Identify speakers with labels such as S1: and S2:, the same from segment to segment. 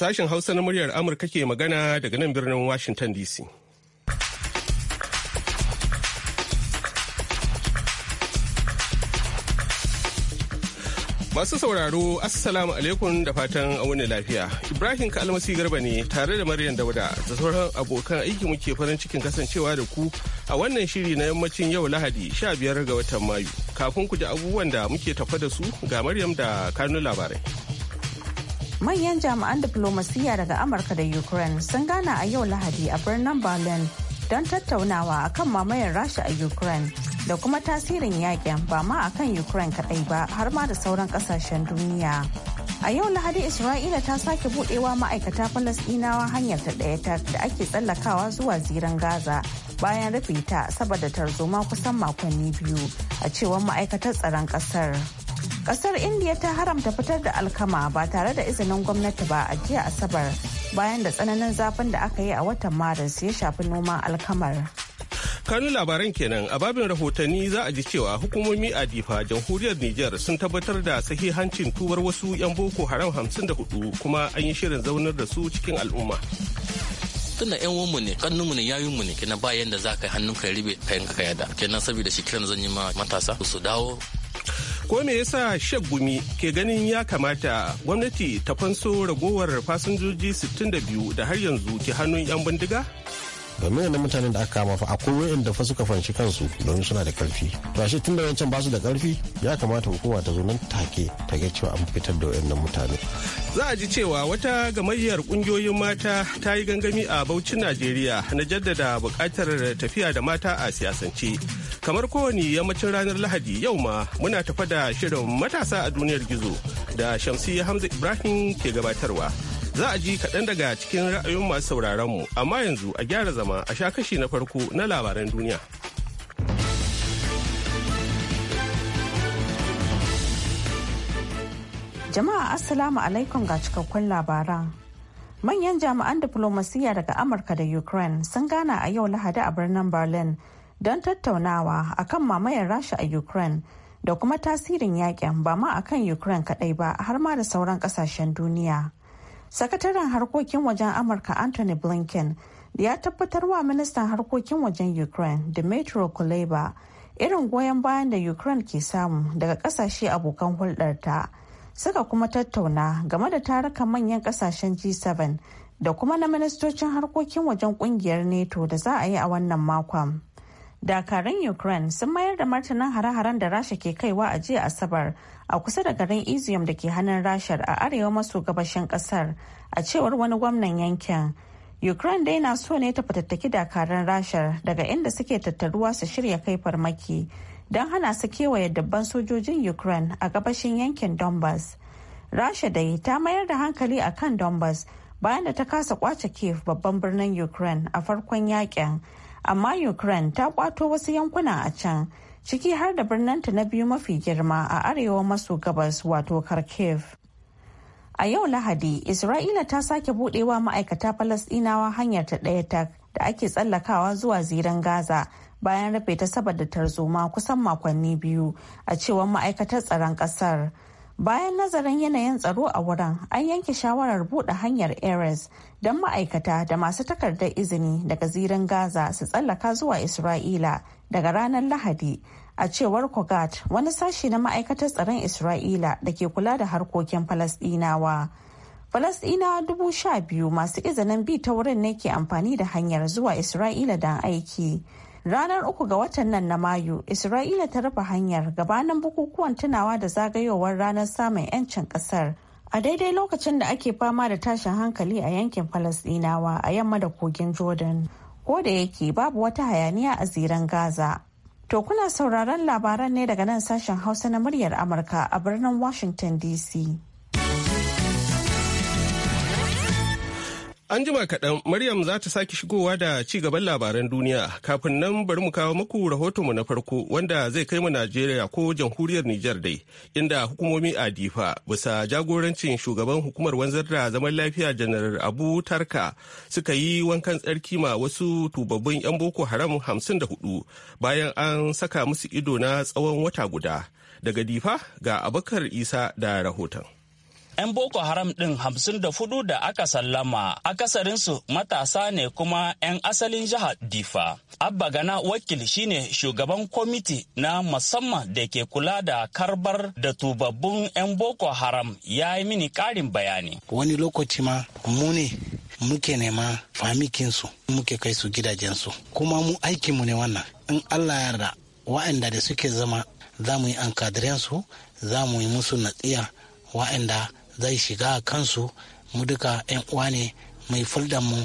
S1: Sashen Hausa na muryar Amurka ke magana daga nan birnin Washington DC. Masu sauraro, Assalamu alaikum da fatan wani lafiya. Ibrahim Kalmasi Garba ne tare da Maryam Dauda da sauran abokan aiki muke farin cikin kasancewa da ku a wannan shiri na yammacin yau Lahadi 15 ga watan Mayu. Kafin ku ji abubuwan da muke tafa da su ga Maryam da kanun labarai.
S2: manyan jami'an diplomasiyya daga amurka da ukraine sun gana a yau lahadi a birnin berlin don tattaunawa akan mamayar rasha a ukraine da kuma tasirin yakin ba ma akan ukraine kadai ba har ma da sauran kasashen duniya a yau lahadi isra'ila ta sake budewa ma'aikata falasdinawa hanyar ta daya ta da ake tsallakawa zuwa ziran gaza bayan rufe ta saboda tarzoma kusan makonni biyu a cewar ma'aikatar tsaron kasar kasar india ta haramta fitar da alkama ba tare da izinin gwamnati ba a jiya asabar bayan da tsananin zafin da aka yi a watan maris ya shafi noman alkamar
S1: kanun labaran kenan a babin rahotanni za a ji cewa hukumomi a difa jamhuriyar niger sun tabbatar da sahihancin tubar wasu 'yan boko haram hamsin da hudu kuma an yi shirin zaunar da su cikin al'umma
S3: tunda yan uwanmu ne kannunmu ne yayunmu ne kenan bayan da za ka yi hannun ka ribe kayan ka yada kenan saboda shi kiran zan yi ma matasa su dawo
S1: Ko me yasa Gumi ke ganin ya kamata gwamnati ta fanso ragowar fasinjoji 62 da har yanzu ke hannun 'yan bindiga?
S4: domin da mutanen da aka kama fa akwai wayanda fa suka fanshi kansu domin suna da karfi to ashe tun da wancan ba su da karfi ya kamata hukuma ta zo nan take ta ga cewa an fitar da wayannan mutane
S1: za a ji cewa wata gamayyar kungiyoyin mata ta yi gangami a Bauchin Najeriya na jaddada bukatar tafiya da mata a siyasance kamar kowane yammacin ranar lahadi yau ma muna tafa da shirin matasa a duniyar gizo da shamsi hamza ibrahim ke gabatarwa za a ji kaɗan daga cikin ra'ayoyin masu sauraron mu amma yanzu a gyara zama a sha kashi na farko na labaran duniya
S2: jama'a assalamu alaikum ga cikakkun labaran manyan jami'an diflomasiyya daga amurka da ukraine sun gana a yau lahadi a birnin berlin don tattaunawa akan mamayar rasha a ukraine da kuma tasirin yakin ba ma a kan ukraine kadai ba har ma da sauran kasashen duniya sakataren harkokin wajen amurka anthony blinken ya tabbatar wa ministan harkokin wajen ukraine dmitry kuleba irin goyon bayan da ukraine ke samu daga kasashe abokan hulɗarta suka kuma tattauna game da tarukan manyan kasashen g7 da kuma na ministocin harkokin wajen kungiyar nato da za a yi a wannan makon dakarun ukraine sun mayar da martanin hare-haren da rasha ke kaiwa a jiya asabar a kusa da garin izium da ke hannun rashar a arewa maso gabashin kasar a cewar wani gwamnan yankin ukraine dai na so ne ta fatattaki dakarun rashar daga inda suke tattaruwa su shirya kai farmaki don hana su kewaye dabban sojojin ukraine a gabashin yankin donbass rasha dai ta mayar da hankali a kan donbass bayan da ta kasa kwace kiev babban birnin ukraine a farkon yakin amma ukraine ta kwato wasu yankuna a can ciki har da birninta na biyu mafi girma a arewa maso gabas wato kharkiv a yau lahadi isra'ila ta sake budewa ma'aikata falasdinawa hanyar ta ɗaya ta da ake tsallakawa zuwa ziran gaza bayan rufe ta saboda tarzoma kusan makonni biyu a cewar ma'aikatar tsaron ƙasar. bayan nazarin yanayin tsaro a wurin an yanke shawarar buɗe hanyar ares don ma'aikata da masu takardar izini daga zirin gaza su tsallaka zuwa isra'ila daga ranar lahadi a cewar kogat wani sashi na ma'aikatar tsaron isra'ila da ke kula da harkokin falasɗinawa falasɗinawa dubu sha biyu masu izinin bi ta wurin ne ke amfani da hanyar zuwa isra'ila don aiki ranar uku ga watan nan na mayu isra'ila ta rufe hanyar gabanin bukukuwan tunawa da zagayowar ranar samun 'yancin kasar a daidai lokacin da ake fama da tashin hankali a yankin falasdinawa a yamma da kogin jordan ko da yake babu wata hayaniya a ziran gaza to kuna sauraron labaran ne daga nan sashen hausa na muryar amurka a birnin washington dc
S1: An jima kaɗan Maryam za ta sake shigowa da ci gaban labaran duniya kafin nan bari mu kawo muku mu na farko wanda zai kai mu Najeriya ko jamhuriyar Nijar dai inda hukumomi a Difa bisa jagorancin shugaban hukumar wanzar da zaman lafiya janar Abu Tarka suka yi wankan tsarki ma wasu tubabbin 'yan Boko Haram hamsin da hudu bayan an saka musu ido na tsawon wata guda. Daga Difa ga Abakar Isa
S3: da rahoton. 'yan boko haram ɗin hamsin da fudu da aka sallama akasarinsu matasa ne kuma 'yan asalin jihar difa abba gana wakil shine shugaban kwamiti na musamman da ke kula da karbar da tubabbun 'yan boko haram ya yi mini ƙarin bayani
S5: wani lokaci ma mu ne muke nema famikinsu muke kai su gidajensu kuma mu aikinmu ne wannan in allah yarda wa'anda da suke zama za mu yi an za mu yi musu natsiya wa'anda zai shiga kansu mu duka 'yan uwa ne mai fuldan mu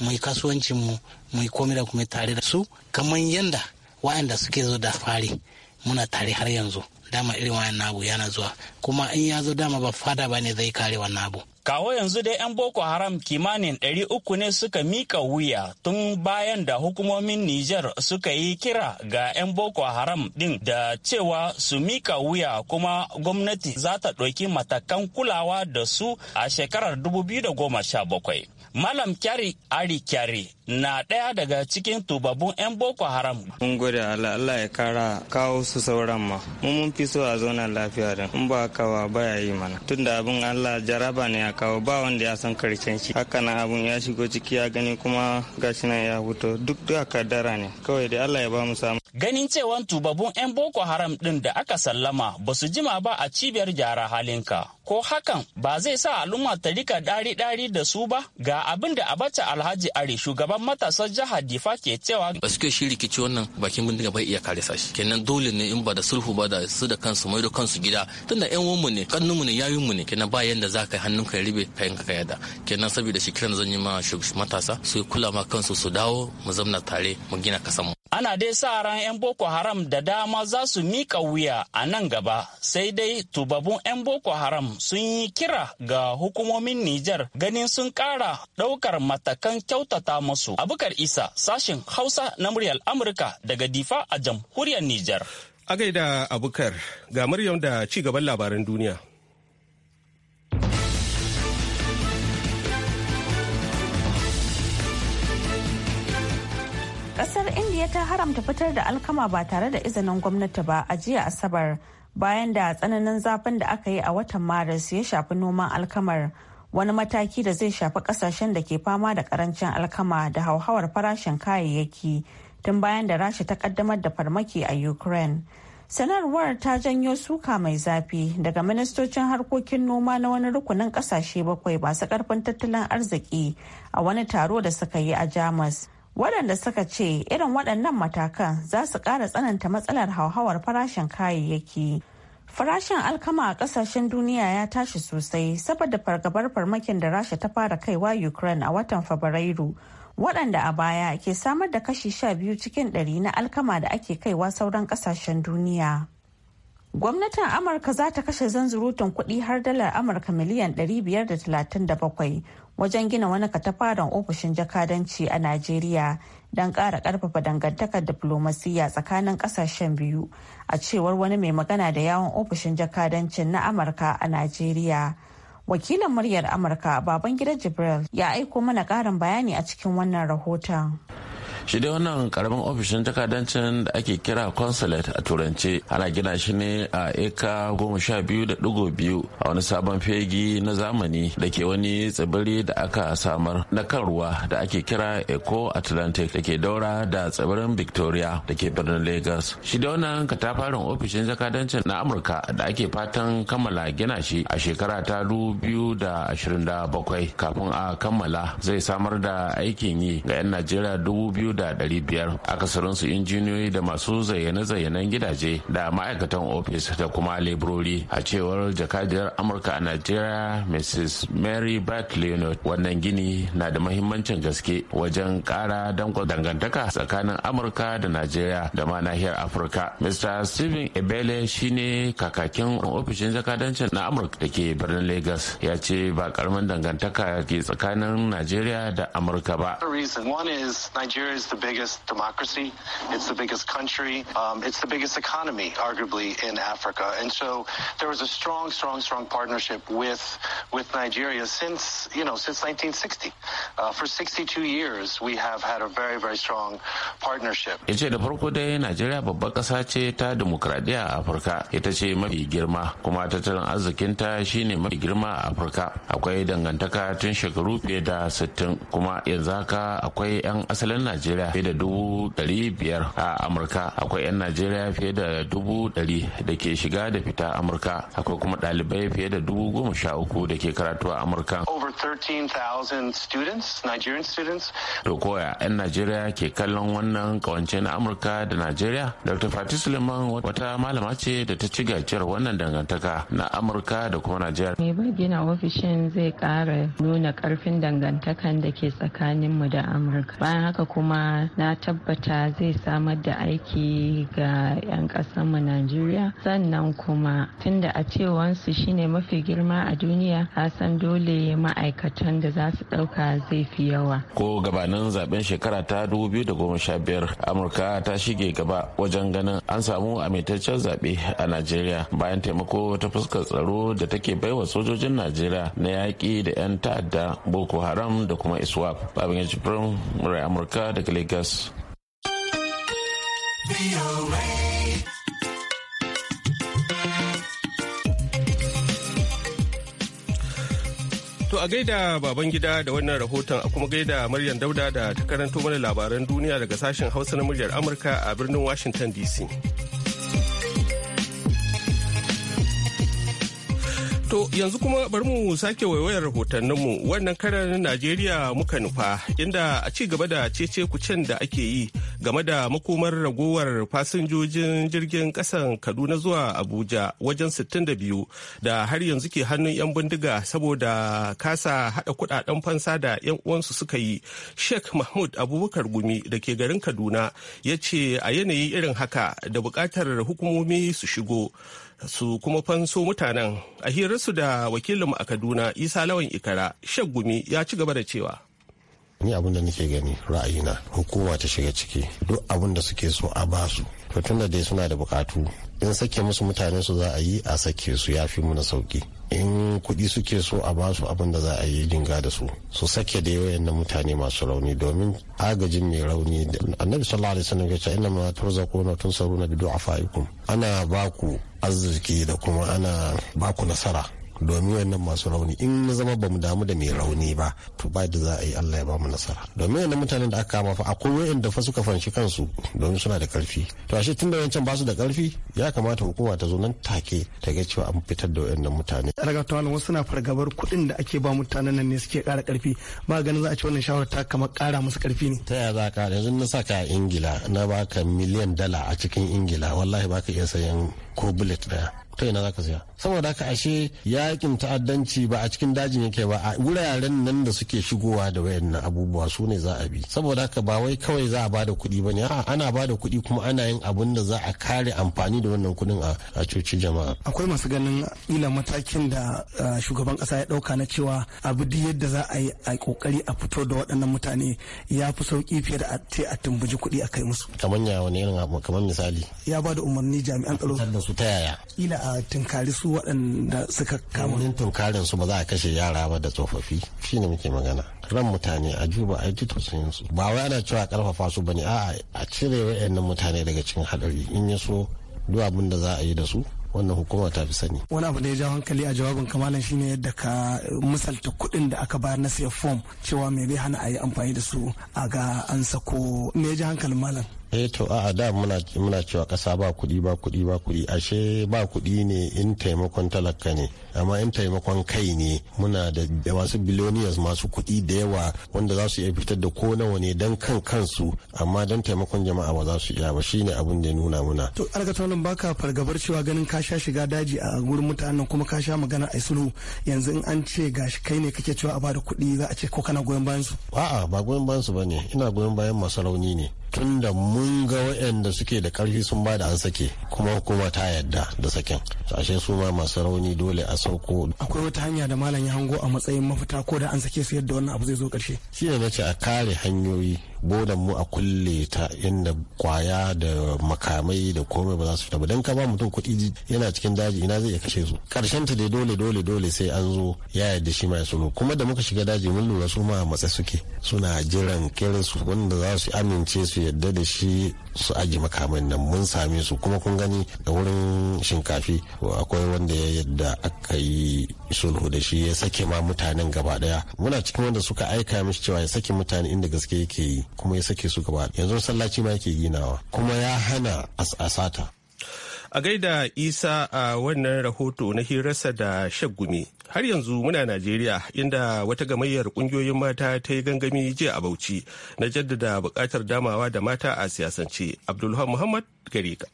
S5: mai kasuwancin mu mai komai da kuma tare da su kamar yanda wa'anda suke zo da fari muna tare har yanzu dama irin wayan nabu yana zuwa kuma in ya zo dama ba fada ba ne zai kare wannan abu
S3: Kawo yanzu dai 'yan Boko Haram kimanin uku ne suka mika wuya tun bayan da hukumomin Nijar suka yi kira ga 'yan Boko Haram din da cewa su mika wuya kuma gwamnati za ta ɗauki matakan kulawa da su a shekarar 2017. Malam Kyari Ari Kyari na ɗaya daga cikin tubabun 'yan boko haram mun gode allah allah ya kara kawo su sauran ma mun mun fi so a zauna lafiya da in ba kawa baya yi mana tunda abin allah jaraba ne ya kawo ba wanda ya san karshen shi haka nan abin ya shigo ciki ya gani kuma gashi nan ya fito duk da kadara ne kawai da allah ya ba mu samu ganin cewa tubabun 'yan boko haram din da aka sallama ba su jima ba a cibiyar gyara ka. ko hakan ba zai sa al'umma ta rika dari-dari da su ba ga abin da abacha alhaji are shugaba shugaban matasan jihar Difa ke cewa ba su shi rikici wannan bakin bindiga bai iya kare sashi kenan dole ne in ba da sulhu ba da su da kansu mai da kansu gida tunda yan uwan mu ne kannun mu ne yayin mu ne kenan ba yanda za ka hannun ka ribe kayan ka yada kenan saboda shi kiran zan yi ma matasa su kula ma kansu su dawo mu zamna tare mu gina kasan mu ana dai sa ran 'yan boko haram da dama za su miƙa wuya a nan gaba sai dai tubabun 'yan boko haram sun yi kira ga hukumomin nijar ganin sun ƙara ɗaukar matakan kyautata musu abukar isa sashin hausa na muryar amurka daga difa a jamhuriyar nijar a gaida abukar ga muryar da ci gaban labaran duniya
S2: Kasar Indiya ta haramta fitar da alkama ba tare da izinin gwamnati ba a jiya Asabar bayan da tsananin zafin da aka yi a watan Maris ya shafi noman alkamar wani mataki da zai shafi kasashen da ke fama da karancin alkama da hauhawar farashin kayayyaki tun bayan da rasha ta kaddamar da farmaki a Ukraine. sanarwar ta janyo suka mai zafi daga ministocin harkokin noma na wani rukunin kasashe bakwai masu karfin tattalin arziki a wani taro da suka yi a jamus waɗanda suka ce irin waɗannan matakan za su ƙara tsananta matsalar hauhawar farashin kayayyaki farashin alkama a ƙasashen duniya ya tashi sosai saboda fargabar farmakin da rasha ta fara kaiwa ukraine a watan fabrairu waɗanda a baya ke samar da kashi sha biyu cikin ɗari na alkama da ake kaiwa sauran ƙasashen duniya gwamnatin amurka za ta kashe zanzurutun kuɗi har dalar amurka miliyan 537 wajen gina wani katafaren ofishin jakadanci a Najeriya don ƙara ƙarfafa dangantakar diflomasiyya tsakanin ƙasashen biyu a cewar wani mai magana da yawon ofishin jakadancin na Amurka a Najeriya. Wakilin muryar Amurka Babangida Jibril ya aiko mana ƙarin bayani a cikin wannan rahoton.
S6: shi dai wannan karamin ofishin jakadancin da ake kira consulate a turance ana gina shi ne a eka goma sha biyu da digo biyu a wani sabon fegi na zamani da ke wani tsibiri da aka samar na kan ruwa da ake kira eco atlantic da ke daura da tsibirin victoria da ke birnin lagos shi dai wannan katafarin ofishin jakadancin na amurka da ake fatan kammala gina shi a shekara ta biyu da ashirin da bakwai kafin a kammala zai samar da aikin yi ga 'yan najeriya dubu biyu da ɗari biyar akasarinsu injiniyoyi da masu zayyane-zayyanen gidaje da ma'aikatan ofis da kuma leburori a cewar jakadiyar amurka a nigeria mrs mary bat leonard wannan gini na da mahimmancin gaske wajen kara dangantaka tsakanin amurka da nigeria da ma nahiyar afirka mr stephen ebele shine kakakin ofishin jakadancin na amurka da ke birnin Legas. ya ce ba karamin dangantaka ke tsakanin nigeria da amurka ba
S5: One is It's the biggest democracy. It's the biggest country. Um, it's the biggest economy, arguably, in Africa. And so there was a strong, strong, strong partnership with with Nigeria since you know since 1960. Uh, for 62 years, we have had a very, very strong partnership.
S6: Ya ce da farko dai Najeriya babbar ƙasa ce ta demokradiyya a Afirka. Ita ce mafi girma kuma tattalin arzikinta shine mafi girma a Afirka. Akwai dangantaka tun shekaru fiye da 60 kuma yanzu haka akwai 'yan asalin Najeriya najeriya fiye da dubu ɗari biyar a amurka akwai 'yan najeriya fiye da dubu ɗari da ke shiga da fita amurka akwai kuma ɗalibai fiye da dubu goma sha uku da ke karatu a amurka to koya 'yan najeriya ke kallon wannan kawance na amurka da najeriya dr fati suleiman wata malama ce da ta ci gajiyar wannan dangantaka na amurka da kuma najeriya
S7: mai gina ofishin zai kara nuna karfin dangantakan da ke tsakaninmu da amurka bayan haka kuma kuma na tabbata zai samar da aiki ga 'yan mu najeriya sannan kuma tunda a cewansu shine mafi girma a duniya san dole ma'aikatan da za su ɗauka zai fi yawa
S6: ko gabanin zaben shekara ta 2015 amurka ta shige gaba wajen ganin an samu amintaccen zaɓe a najeriya bayan taimako ta fuskar tsaro da take baiwa sojojin najeriya na yaƙi da 'yan ta'adda boko haram da kuma iswap babin jibrin murai amurka daga daga Lagos.
S1: To a gaida baban gida da wannan rahoton a kuma gaida Maryam Dauda da ta karanto mana labaran duniya daga sashen Hausa na muryar Amurka a birnin Washington DC. To yanzu kuma bari mu sake waiwayar rahotanninmu wannan karan Najeriya muka nufa inda a ci gaba da cece kucen da ake yi game da makomar ragowar fasinjojin jirgin kasan Kaduna zuwa Abuja wajen 62 da har yanzu ke hannun 'yan bindiga saboda kasa hada kudaden fansa da 'yan uwansu suka yi. Sheikh Mahmud Abubakar Gumi da ke garin Kaduna ya ce a yanayi irin haka da bukatar hukumomi su shigo. su kuma fanso mutanen a hirarsu da wakilinmu a kaduna isa lawan ikara shaggumi ya ci gaba da cewa
S4: ni abun da nake gani ra'ayina hukuma ta shiga ciki duk abun da suke so a basu to tunda dai suna da bukatu in sake musu mutane su za a yi a sake su ya fi muna sauki in kuɗi suke so a basu abun da za a yi jinga da su su sake da yawan na mutane masu rauni domin agajin mai rauni annabi sallallahu alaihi wasallam ya ce inna ma turzaquna tunsaruna bi du'afaikum ana baku arziki da kuma ana baku nasara domin wannan masu rauni in na zama ba mu damu da mai rauni ba to ba da za a yi Allah ya ba mu nasara domin wannan mutanen da aka kama fa akwai wayanda fa suka fanshi kansu domin suna da karfi to ashe tun da wancan ba su da karfi ya kamata hukuma ta zo nan take ta ga cewa an fitar da wayannan mutane
S5: daga tawanan wasu na fargabar kuɗin da ake ba mutanen nan ne suke ƙara karfi ba ganin za a ci wannan shawara ta kama ƙara musu karfi ne ta yaya za ka yanzu na saka a ingila
S4: na baka miliyan dala a cikin ingila wallahi baka iya sayan ko bullet daya kai na zaka siya saboda haka ashe yakin ta'addanci ba a cikin dajin yake ba a wuraren nan da suke shigowa da wayannan abubuwa su ne za a bi saboda haka ba wai kawai za a bada kuɗi ba ne ana bada kuɗi kuma ana yin abin da za a kare amfani da wannan kuɗin a coci jama'a
S5: akwai masu ganin ila matakin da shugaban kasa ya ɗauka na cewa abu duk yadda za a yi a kokari a fito da waɗannan mutane ya fi sauki fiye da ce a tumbuji kuɗi a kai musu kamar ya wani irin kamar misali ya ba da umarni jami'an tsaro ta yaya ila a tunkari su waɗanda suka
S4: kama. Wurin tunkarin su ba za a kashe yara ba da tsofaffi shine muke magana. ran mutane a juba a ji tausayin su ba wai ana cewa karfafa su bane ne a cire wayannan mutane daga cikin hadari in ya so duk abin da za a yi da su wannan hukumar ta fi sani.
S5: Wani abu da ya ja hankali a jawabin kamalan shine yadda ka misalta kuɗin da aka bayar na siya fom cewa me bai hana a yi amfani da su a ga an sako me ya ji hankalin malam.
S4: eh to a da muna muna cewa kasa ba kuɗi ba kuɗi ba kudi ashe ba kuɗi ne in taimakon talaka ne amma in taimakon kai ne muna da masu billionaires masu kuɗi da yawa wanda za su iya fitar da ko nawa ne dan kan kansu amma dan taimakon jama'a ba za su iya ba shine abin da ya nuna muna
S5: to alkatolin baka fargabar cewa ganin ka sha shiga daji a gurin mutanen kuma ka sha magana a sulhu yanzu in an ce gashi kai ne kake cewa a bada kuɗi za a ce ko kana goyon bayan su
S4: a'a ba goyon bayan su bane ina goyon bayan masu ne Tunda mun ga waɗanda suke da ƙarfi sun ba da an sake kuma hukuma ta yadda da saken ashe su ma masu rauni dole a sauko
S5: akwai wata hanya da malam ya hango a matsayin mafita ko da an sake su yadda wannan abu zai zo ƙarshe
S4: shi ne na ce a kare hanyoyi bodan mu a kulle ta inda kwaya da makamai da komai ba za su fita ba dan ka ba mutum kuɗi yana cikin daji ina zai iya kashe su karshen ta dai dole dole dole sai an zo ya yadda shi mai ya kuma da muka shiga daji mun lura su ma matsa suke suna jiran kirin su wanda za su amince su yadda da shi su aji makamai nan mun same su kuma kun gani da wurin shinkafi akwai wanda ya yadda aka yi sulhu da shi ya sake ma mutanen gaba daya muna cikin wanda suka aika mishi cewa ya sake mutane inda gaske yake yi kuma ya sake su gaba yanzu masallaci ma yake ginawa kuma ya hana
S1: a sata. A gaida Isa a wannan rahoto na hirarsa da shaggumi. Har yanzu muna Najeriya inda wata gamayyar kungiyoyin mata ta yi gangami jiya a Bauchi na jaddada bukatar damawa da mata a siyasance. Abdulhamu Muhammad Gareka.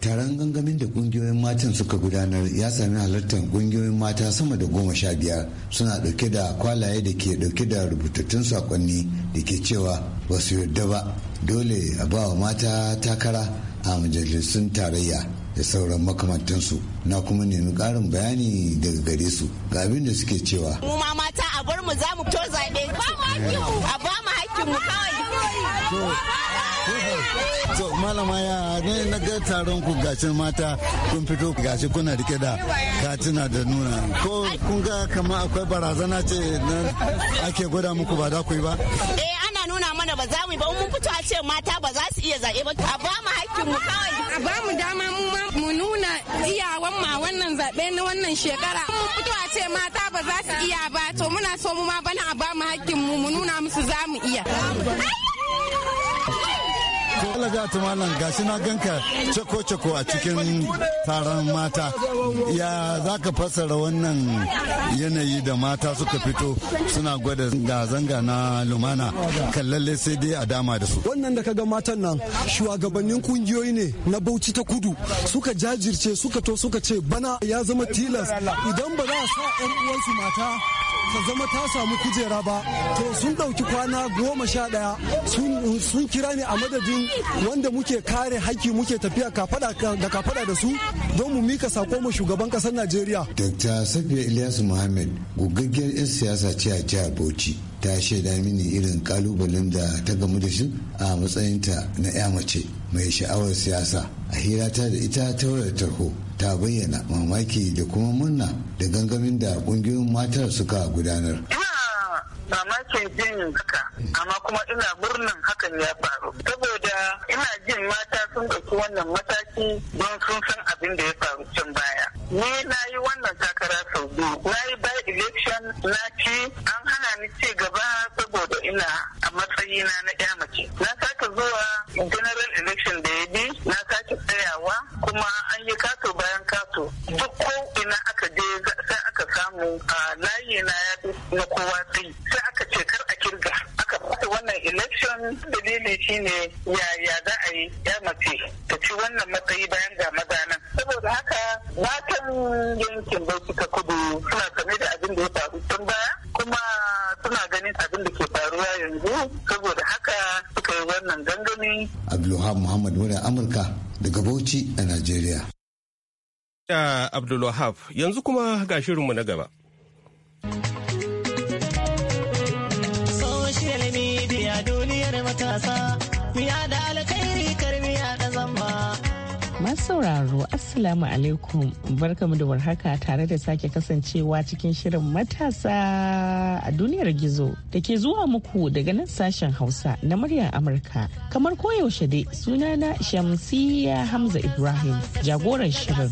S8: taron gangamin da kungiyoyin matan suka gudanar ya sami halartar kungiyoyin mata sama da goma sha biyar suna dauke da kwalaye da ke dauke da rubutattun sakonni da ke cewa ba su yarda ba dole a ba wa mata takara a majalisun tarayya da sauran makamantansu na kuma nemi karin bayani daga gare su ga abin da suke cewa
S2: mu ma mata a mu za to zaɓe a ba mu hakkin mu kawai
S8: to malama ya ne na ga taron ku gashin mata kun fito gashi kuna rike da katina da nuna ko kun ga kama akwai barazana ce ake gwada muku ba za ku yi ba
S2: eh ba za mu ba mun fito a ce mata ba za su iya zaɓe ba a ba mu hakkin mu kawai
S7: a ba mu dama mu ma mu nuna iyawan ma wannan zaɓe na wannan shekara mun fito a ce mata ba za su iya ba to muna so mu ma bana a ba mu hakkin mu mu nuna musu za mu iya
S8: Alaga ta malam gashi na ganka cako-cako a cikin taron mata. Ya za ka fassara wannan yanayi da mata suka fito suna gwada zanga-zanga na lumana kan sai dai a dama da su. Wannan da kaga matan
S5: nan shugabannin kungiyoyi ne na Bauchi ta Kudu suka jajirce suka to suka ce bana ya zama tilas idan ba za a sa 'yan uwansu mata ta zama ta samu kujera ba to sun ɗauki kwana goma sha ɗaya sun kira ni a madadin wanda muke kare haƙƙi muke
S8: tafiya da kafaɗa da su don mu mika sako ma shugaban ƙasar najeriya dr safiya ilyasu muhammad gugaggiyar 'yan siyasa ce a jihar bauchi ta shaida mini irin kalubalen da ta gamu da shi a matsayinta na 'ya mace mai sha'awar siyasa a hira ta da ita ta wayar tarho ta bayyana mamaki da kuma murna da gangamin da kungiyoyin matar suka gudanar.
S3: mamakin jin haka amma kuma ina murnan hakan ya faru saboda ina jin mata sun ɗauki wannan mataki don sun san abin da ya faru can baya ni na yi wannan takara sau biyu na yi by election na ci an hana ni ci gaba saboda ina a matsayina na ya mace na sake zuwa general election da ya bi na sake tsayawa kuma an yi kato bayan kato duk ko ina aka je sai aka samu a layi na ya na kowa sai sai aka ce kar a kirga aka fata wannan election dalili shine yaya za a yi ya mace ta ci wannan matsayi bayan ga maza saboda haka matan yankin bauchi ta kudu suna sane da abin da ya faru tun baya kuma suna ganin abin da ke faruwa yanzu saboda haka suka yi wannan gangami
S1: abdulwahab
S8: muhammad wani amurka daga bauchi a
S1: najeriya da abdulwahab yanzu kuma ga shirinmu na gaba
S7: sauraro Assalamu alaikum barkamu da warhaka tare da sake kasancewa cikin shirin matasa a duniyar gizo da ke zuwa muku daga nan sashen Hausa na muryar Amurka. Kamar koyaushe dai sunana Shamsiya Hamza Ibrahim jagoran shirin.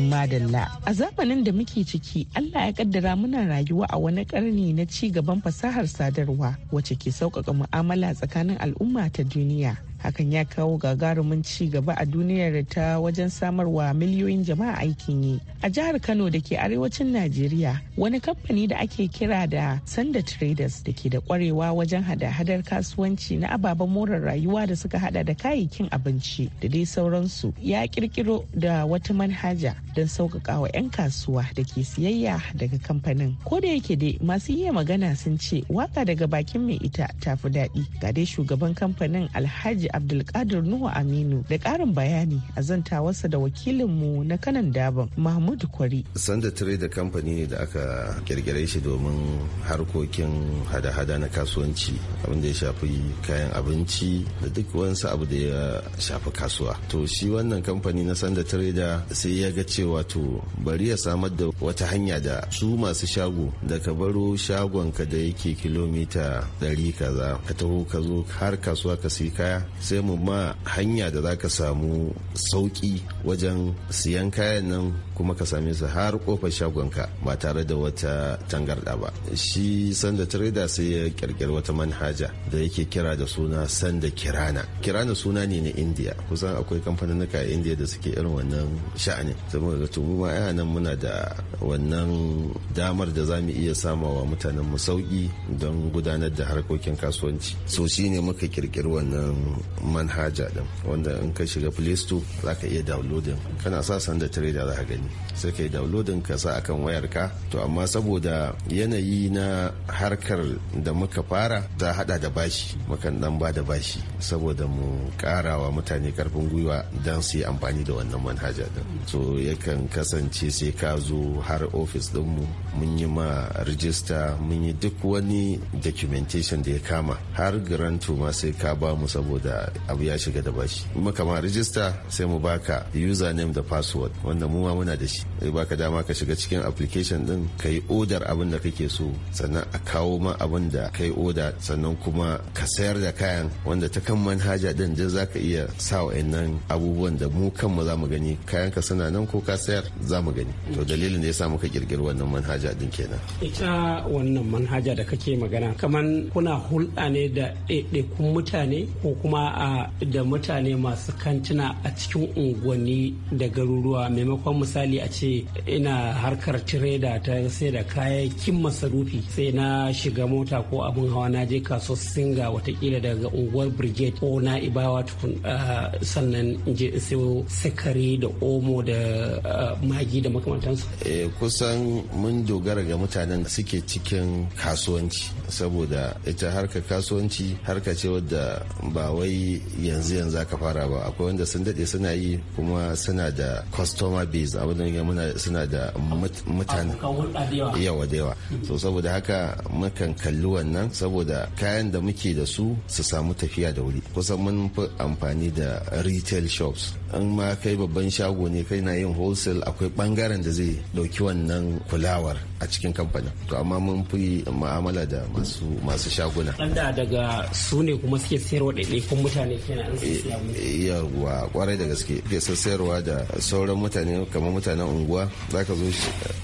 S7: Madalla. A zamanin da muke ciki, Allah ya kaddara muna rayuwa a wani karni na ci gaban fasahar sadarwa wacce ke sauƙaƙa mu'amala tsakanin al'umma ta duniya. hakan ya kawo gagarumin ci gaba a duniyar ta wajen samarwa miliyoyin jama'a aikin yi a jihar kano da ke arewacin najeriya wani kamfani da ake kira da sanda traders da ke da kwarewa wajen hada-hadar kasuwanci na ababen more rayuwa da suka hada da kayayyakin abinci da dai sauransu ya kirkiro da wata manhaja don sauƙaƙawa 'yan kasuwa da ke siyayya daga kamfanin ko da yake dai masu iya magana sun ce waka daga bakin mai ita tafi daɗi ga dai shugaban kamfanin alhaji Abdulkadir Nuhu Aminu da ƙarin bayani a zantawarsa da wakilinmu na kanan daban Mahmud Kwari.
S9: Sanda da kamfani ne da aka kirkire shi domin harkokin hada-hada na kasuwanci abin da ya shafi kayan abinci da duk wani abu da ya shafi kasuwa. To shi wannan kamfani na Sanda da sai ya ga cewa to bari ya samar da wata hanya da su masu shago daga ka baro shagonka da yake kilomita 100 kaza ka taho ka zo har kasuwa ka sayi kaya sai mu ma hanya da za ka samu sauki wajen siyan kayan nan kuma ka same su har kofar shagonka ba tare da wata tangarda ba shi sanda trader sai ya kirkiri wata manhaja da yake kira da suna sanda kirana kirana suna ne na india kusan akwai kamfanonika a india da suke irin wannan sha'anin saboda da tumu ma yana nan muna da wannan damar da za mu iya samawa mutanen mu sauki don gudanar da harkokin kasuwanci so shine muka kirkiri wannan manhaja din wanda in ka shiga play store za ka iya downloading kana sa sanda trader za ka gani sai ka yi downloading ka sa akan wayar ka to amma saboda yanayi na harkar da muka fara za hada da bashi mukan dan ba da bashi saboda mu karawa mutane karfin gwiwa Dan su yi amfani da wannan manhaja din To yakan kasance sai ka zo har ofis mu. mun yi ma rijista mun yi duk wani documentation da ya kama har grant ma sai ka ba mu saboda abu ya shiga da bashi kuma kama rijista sai mu baka username da password wanda mu ma muna da shi zai baka dama ka shiga cikin application din ka yi odar abin da kake so sannan a kawo ma abin da kai oda sannan kuma ka sayar da kayan wanda ta kan manhaja din da za ka iya sa wa'annan abubuwan da mu kanmu za mu gani kayan ka suna nan ko ka sayar za mu gani to dalilin da ya sa muka kirkiri wannan manhaja din kenan
S10: ita wannan manhaja da kake magana kaman kuna hulɗa ne da ɗaiɗaikun mutane ko kuma jama'a da mutane masu kantuna a cikin unguwanni da garuruwa maimakon misali a ce ina harkar tireda ta sai da kayayyakin masarufi sai na shiga mota ko abin hawa na je kaso singa watakila daga unguwar brigade ko na ibawa tukun sannan je sayo sakari da omo da magi da makamantansu.
S9: Eh, kusan mun dogara ga mutanen da suke cikin kasuwanci saboda ita harkar kasuwanci harka ce wadda ba wai yi yanzu yanzu aka fara ba akwai wanda sun dade suna yi kuma suna da customer base abin da muna suna da mutane yawa da yawa so saboda haka mukan kalli wannan saboda kayan da muke da su su samu tafiya da wuri kusan mun fi amfani da retail shops an ma kai babban shago ne kai na yin wholesale akwai bangaren da zai dauki wannan kulawar a cikin kamfanin to amma mun fi ma'amala da masu masu shaguna
S10: da daga su ne kuma suke sayarwa ɗaiɗaikun mutane kenan eh,
S9: eh, yawa kwarai da gaske ke sayarwa da sauran mutane kamar mutanen unguwa zaka zo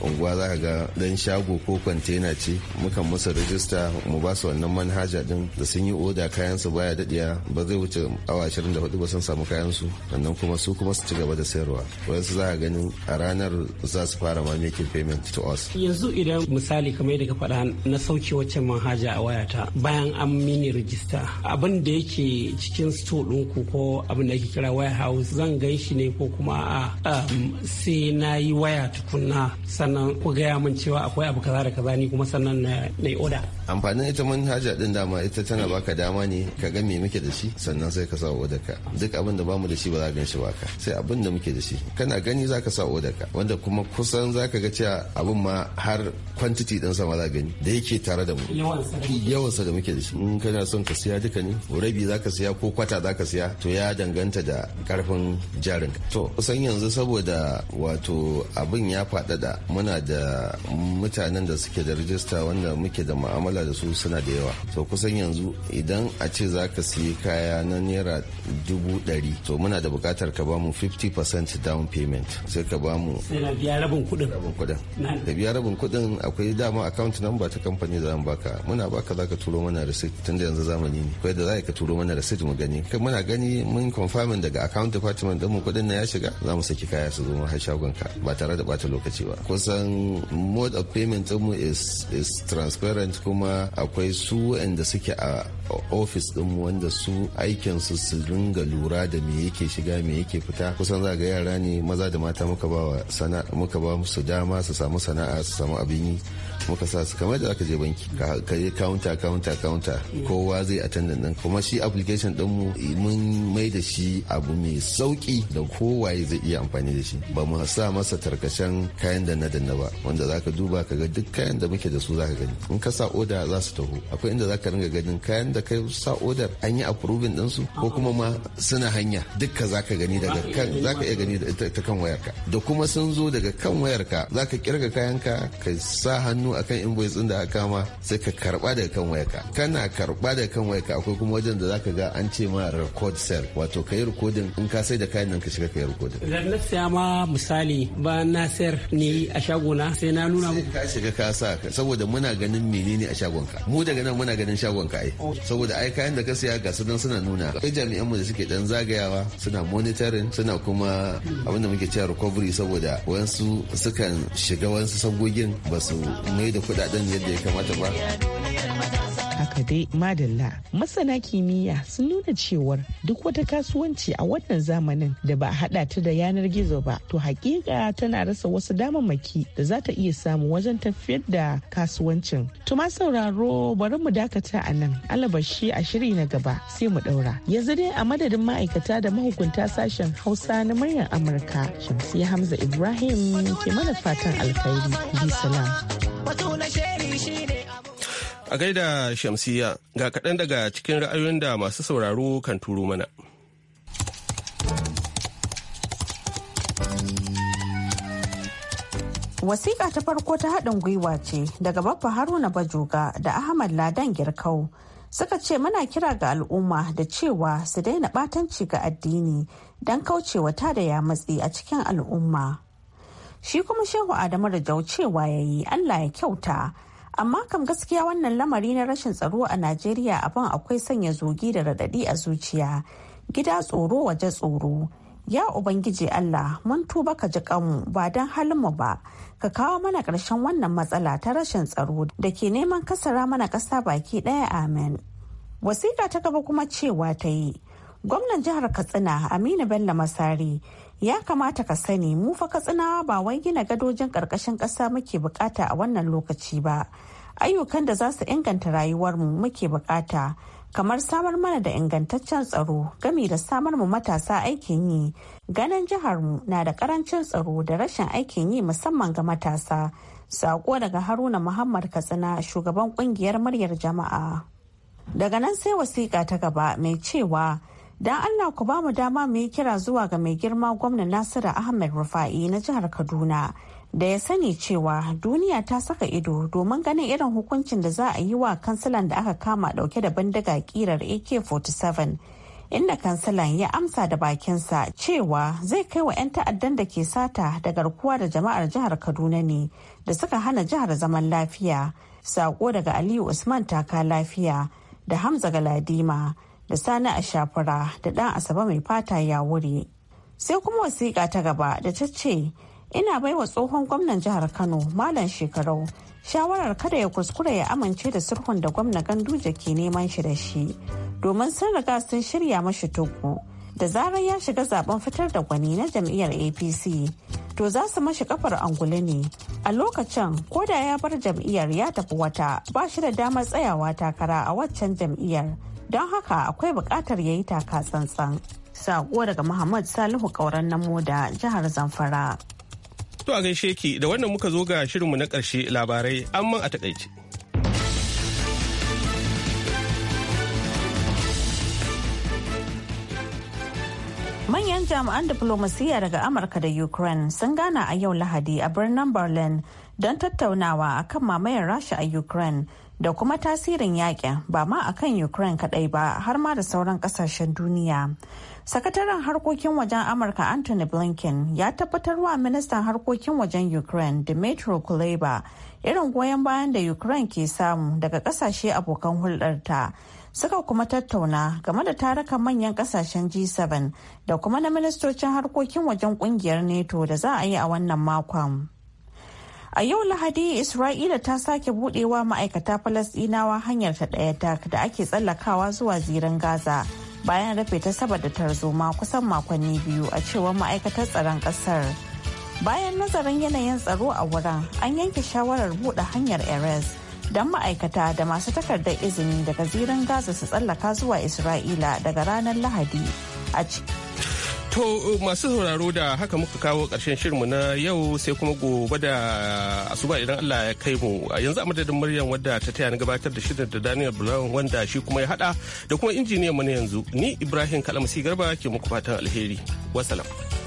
S9: unguwa zaka ga dan shago ko kwantena ce mukan musu rajista mu ba su wannan manhaja din da sun yi oda kayan su baya daɗiya ba zai wuce awa 24 ba sun samu kayan su sannan kuma kuma su kuma su ci gaba da sayarwa wasu za a ganin a ranar za su fara ma making payment to us
S10: yanzu idan misali kamar yadda ka faɗa na sauke waccan manhaja a wayata bayan an mini rijista abin da yake cikin store ku ko abin da ake kira waya house zan gan shi ne ko kuma a um, sai na yi waya tukunna sannan ku gaya min cewa akwai abu kaza da kaza ni kuma sannan na yi oda
S9: amfanin ita manhaja din dama ita tana baka dama ne ka ga me muke da shi sannan sai ka sa oda ka duk abin da bamu da shi ba za a gan shi ka sai abin da muke da shi kana gani zaka sa odar ka wanda kuma kusan zaka ga cewa abin ma har quantity din sama za gani da yake tare da mu yawansa da muke da shi in kana son ka siya duka ne rabi zaka siya ko kwata zaka siya to ya danganta da karfin jarin to kusan yanzu saboda wato abin ya faɗaɗa muna da mutanen da suke da rijista wanda muke da mu'amala da su suna da yawa to kusan yanzu idan a ce zaka siya kaya na naira dubu ɗari to muna da bukatar bukatar ka bamu 50% down payment sai ka bamu sai na biya
S10: kuɗin kuɗin
S9: da biya rabin akwai dama account number ta kamfani za mu baka muna baka za ka turo mana receipt tunda yanzu zamani ne kai da za ka turo mana receipt mu gani kai muna gani mun confirming daga account department din mu kuɗin na ya shiga za mu saki kaya su zo mu har shagon ka ba tare da bata lokaci ba kusan mode of payment din mu is is transparent kuma akwai su wanda suke a office din mu wanda su aikin su su lura da me yake shiga me yake fita kusan za ga yara ne maza da mata muka ba wa sana'a muka ba musu dama su samu sana'a su samu abin yi muka sa su kamar da aka je banki ka yi counter counter counter kowa zai attendant din kuma shi application din mu mun mai da shi abu mai sauki da kowaye zai iya amfani da shi ba mu sa masa tarkashen kayan da na danna ba wanda zaka duba ka ga duk kayan da muke da su zaka gani in ka sa order za su taho akwai inda zaka ringa ganin kayan da kai sa order an yi approving din su ko kuma ma suna hanya dukka zaka gani gani daga kan zaka iya gani ta kan wayarka da kuma sun zo daga kan wayarka zaka kirga kayanka ka sa hannu akan invoice din da aka kama sai ka karba daga kan wayarka kana karba daga kan wayarka akwai kuma wajen da zaka ga an ce ma record sale wato kai recording in ka sai da kayan nan ka shiga kai recording
S10: idan na saya ma misali ba na sayar ni a shagona sai na nuna muku ka shiga ka sa saboda
S9: muna ganin menene a shagonka mu daga nan muna ganin shagonka ai saboda ai kayan da ka saya ga su dan suna nuna kai jami'an mu da suke dan zagayawa suna monitor monitoring suna kuma abinda muke cewa recovery saboda wasu sukan shiga wasu sabgogin ba su mai da kudaden yadda ya kamata ba.
S7: kade madalla masana kimiyya sun nuna cewar duk wata kasuwanci a wannan zamanin da ba a hada ta da yanar gizo ba to hakika tana rasa wasu damammaki da za ta iya samu wajen tafiyar da kasuwancin to ma sauraro bari mu dakata a nan alabashi a shiri na gaba sai mu daura yanzu dai a madadin ma'aikata da mahukunta sashen hausa na manyan amurka shamsiya hamza ibrahim ke mana fatan alkhairi bi salam
S1: A gaida Shamsiya ga kaɗan daga cikin ra'ayoyin da masu sauraro kan turo mana.
S2: Wasiƙa ta farko ta haɗin gwiwa ce daga Baffa Haruna Bajoga da Ahmad Ladan Girkau. suka ce muna kira ga al'umma da cewa su daina batanci ga addini don kaucewa ta da ya matsi a cikin al'umma shi kuma shehu adamu da jau cewa ya yi allah ya kyauta amma kam gaskiya wannan lamari na rashin tsaro a najeriya abin akwai sanya zogi da radadi a zuciya gida tsoro waje tsoro ya ubangiji allah mun tuba ka ji kanmu ba don halinmu ba ka kawo mana ƙarshen wannan matsala ta rashin tsaro da ke neman kasara mana ƙasa baki ɗaya amen wasiƙa ta gaba kuma cewa ta yi gwamnan jihar katsina aminu bello masari ya kamata ka sani mu fa katsinawa ba wai gina gadojin ƙarƙashin ƙasa muke bukata a wannan lokaci ba ayyukan da za su inganta rayuwarmu muke bukata kamar samar mana da ingantaccen tsaro gami da samar mu matasa aikin yi ganin jiharmu na da karancin tsaro da rashin aikin yi musamman ga matasa sako daga haruna muhammad katsina shugaban kungiyar muryar jama'a daga nan sai wasiƙa ta gaba mai cewa dan Allah ku ba mu dama mu kira zuwa ga mai girma gwamna Nasiru Ahmed Rufa'i na jihar Kaduna da ya sani cewa duniya ta saka ido domin ganin irin hukuncin da za a yi wa kansilan da aka kama dauke da bindiga kirar AK-47 inda kansilan ya amsa da bakinsa cewa zai kai wa 'yan ta'addan da ke sata da garkuwa da jama'ar jihar Kaduna ne da suka hana jihar zaman lafiya. Sako daga Aliyu Usman taka lafiya da Hamza Galadima. da sani a shafura da ɗan asaba mai fata ya wuri sai kuma wasiƙa ta gaba da ta ce ina baiwa tsohon gwamnan jihar kano malam shekarau shawarar kada ya kuskure ya amince da sulhun da gwamna ganduje ke neman shi da shi domin sun riga sun shirya mashi tugu da zarar ya shiga zaben fitar da gwani na jam'iyyar apc to za su mashi kafar angulu ne a lokacin ko da ya bar jam'iyyar ya tafi wata ba shi da damar tsayawa takara a waccan jam'iyyar don haka akwai bukatar ya yi taka tsantsan. Sako daga Muhammad Salihu Kauran na Moda, jihar Zamfara.
S1: To a gaishe ki da wannan muka zo ga shirinmu na ƙarshe labarai amma a takaice.
S2: Manyan jami'an diflomasiyya daga Amurka da Ukraine sun gana a yau Lahadi a birnin Berlin don tattaunawa akan mamayar Rasha a Ukraine da kuma tasirin yakin ba ma a kan ukraine kadai ba har ma da sauran kasashen duniya sakataren harkokin wajen amurka anthony blinken ya tabbatar wa ministan harkokin wajen ukraine dmitry kuleba irin goyon bayan da ukraine ke samu daga kasashe abokan hulɗarta suka kuma tattauna game da tarukan manyan kasashen g7 da kuma na ministocin harkokin wajen kungiyar nato da za a yi a wannan makon A yau Lahadi Isra'ila ta sake budewa ma'aikata Falasɗinawa hanyar ta ɗaya tak da ake tsallakawa zuwa ziran Gaza bayan rufe ta saboda tarzoma kusan makonni biyu a cewar ma'aikatar tsaron ƙasar. Bayan nazarin yanayin tsaro a wurin an yanke shawarar buɗe hanyar Eres don ma'aikata da masu takardar izini daga ziran Gaza su tsallaka zuwa Isra'ila daga ranar Lahadi
S1: To masu sauraro da haka muka kawo ƙarshen shirinmu na yau sai kuma gobe da asuba idan Allah ya kai mu. Yanzu a madadin Maryam wadda ta taya na gabatar da shirin da Daniel Brown wanda shi kuma ya hada da kuma injiniyan mu na yanzu. Ni Ibrahim Kalamusi Garba ke muku fatan alheri. Wasalam.